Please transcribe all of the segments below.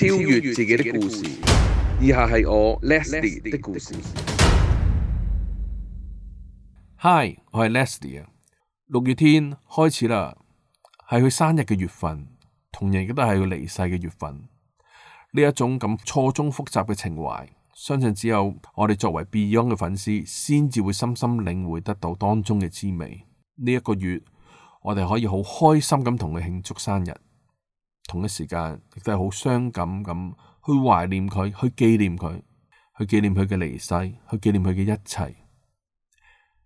超越自己的故事。以下係我 Leslie 的故事。Hi，我係 Leslie。六月天開始啦，係佢生日嘅月份，同樣亦都係佢離世嘅月份。呢一種咁錯綜複雜嘅情懷，相信只有我哋作為 Beyond 嘅粉絲，先至會深深領會得到當中嘅滋味。呢一個月，我哋可以好開心咁同佢慶祝生日。同一時間亦都係好傷感咁去懷念佢，去紀念佢，去紀念佢嘅離世，去紀念佢嘅一切。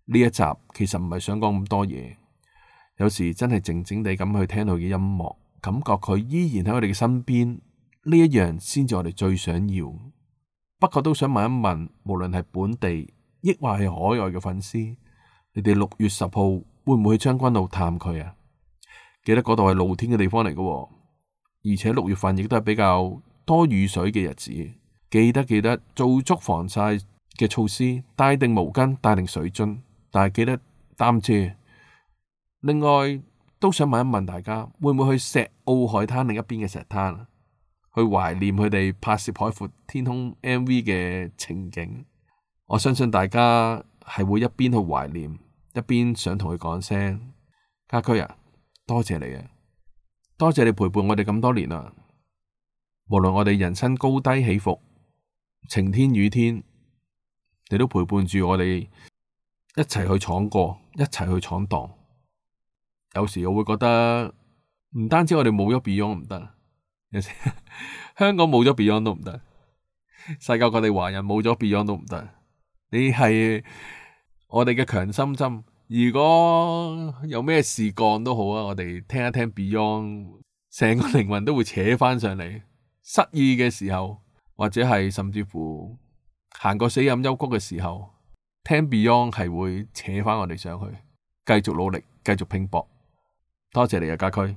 呢一集其實唔係想講咁多嘢，有時真係靜靜地咁去聽到佢嘅音樂，感覺佢依然喺我哋嘅身邊。呢一樣先至我哋最想要。不過都想問一問，無論係本地抑或係海外嘅粉絲，你哋六月十號會唔會去將軍澳探佢啊？記得嗰度係露天嘅地方嚟㗎喎。而且六月份亦都係比較多雨水嘅日子，記得記得做足防曬嘅措施，帶定毛巾，帶定水樽，但係記得擔遮。另外都想問一問大家，會唔會去石澳海灘另一邊嘅石灘、啊，去懷念佢哋拍攝海闊天空 MV 嘅情景？我相信大家係會一邊去懷念，一邊想同佢講聲家駒啊，多謝你啊！多謝你陪伴我哋咁多年啦，啊，無論我哋人生高低起伏，晴天雨天，你都陪伴住我哋一齊去闖過，一齊去闖蕩。有時我會覺得，唔單止我哋冇咗 Beyond 唔得，有 時香港冇咗 Beyond 都唔得，世界各地華人冇咗 Beyond 都唔得。你係我哋嘅強心針。如果有咩事幹都好啊，我哋聽一聽 Beyond，成個靈魂都會扯返上嚟。失意嘅時候，或者係甚至乎行過死蔭幽谷嘅時候，聽 Beyond 係會扯返我哋上去，繼續努力，繼續拼搏。多謝你啊家駒。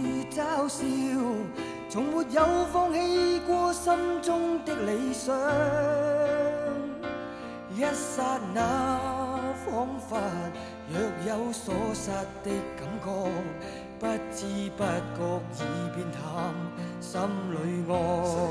嘲笑，從沒有放棄過心中的理想。一剎那恍惚若有所失的感覺，不知不覺已變淡，心裏愛。